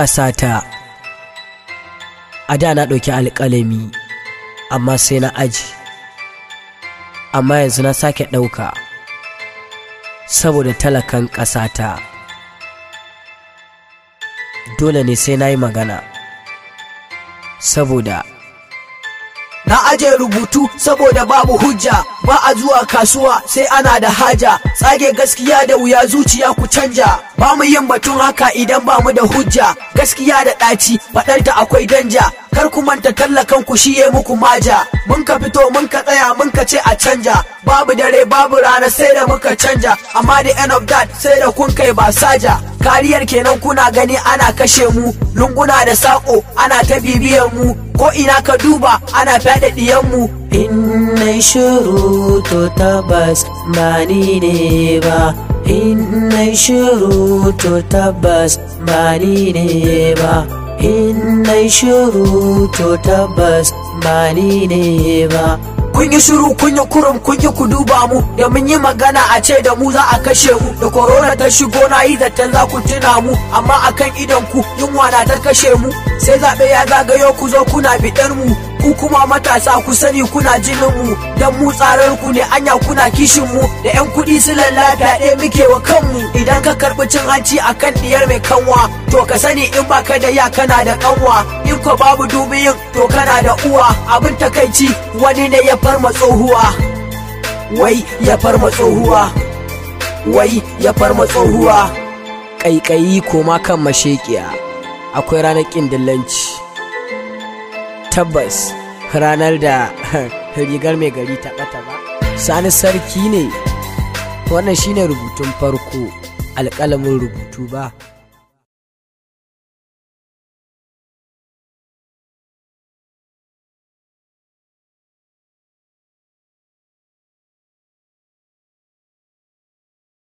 ƙasata a da na ɗauki alƙalami amma sai na aji amma yanzu na sake ɗauka saboda talakan ƙasata dole ne sai na yi magana saboda na aje rubutu saboda babu hujja ba a zuwa kasuwa sai ana da haja tsage gaskiya da wuya zuciya ku canja ba mu yin batun haka idan ba mu da hujja gaskiya da ɗaci faɗarta akwai danja kar ku manta kalla kanku shi ya muku maja mun ka fito mun ka tsaya mun ka ce a canja babu dare babu rana sai da muka canja amma the end of that sai da kun kai ba saja kariyar kenan kuna gani ana kashe mu lunguna da sako ana ta bibiyar mu ko ina ka duba ana fada diyan mu in nai shiru to tabbas ba ni ne ba in nai shiru to tabbas ba ni ne ba inna shuru shiru to tabbas ba ni ne ba kun yi shiru kun yi kurum kun yi ku duba mu da mun yi magana a ce da mu za a kashe mu da korona ta shigo na yi zaton za ku tuna mu amma akan idan ku yunwa na ta kashe mu sai zaɓe ya zagayo ku zo kuna biɗar mu ku kuma matasa ku sani kuna jinin mu dan mu tsarar ku ne anya kuna kishin mu da yan kuɗi su lallata ɗaya muke wa kanmu idan ka karɓi cin hanci akan diyar mai kanwa to ka sani in ba ka da ya kana da kanwa in ko babu dubiyin to kana da uwa abin takaici wani ne ya farma tsohuwa wai ya farma tsohuwa wai ya farma tsohuwa ƙaiƙayi koma kan mashekiya akwai ranar ƙin dillanci tabbas ranar da rigar mai gari ta ɓata ba sani sarki ne wannan shine rubutun farko alƙalamin rubutu ba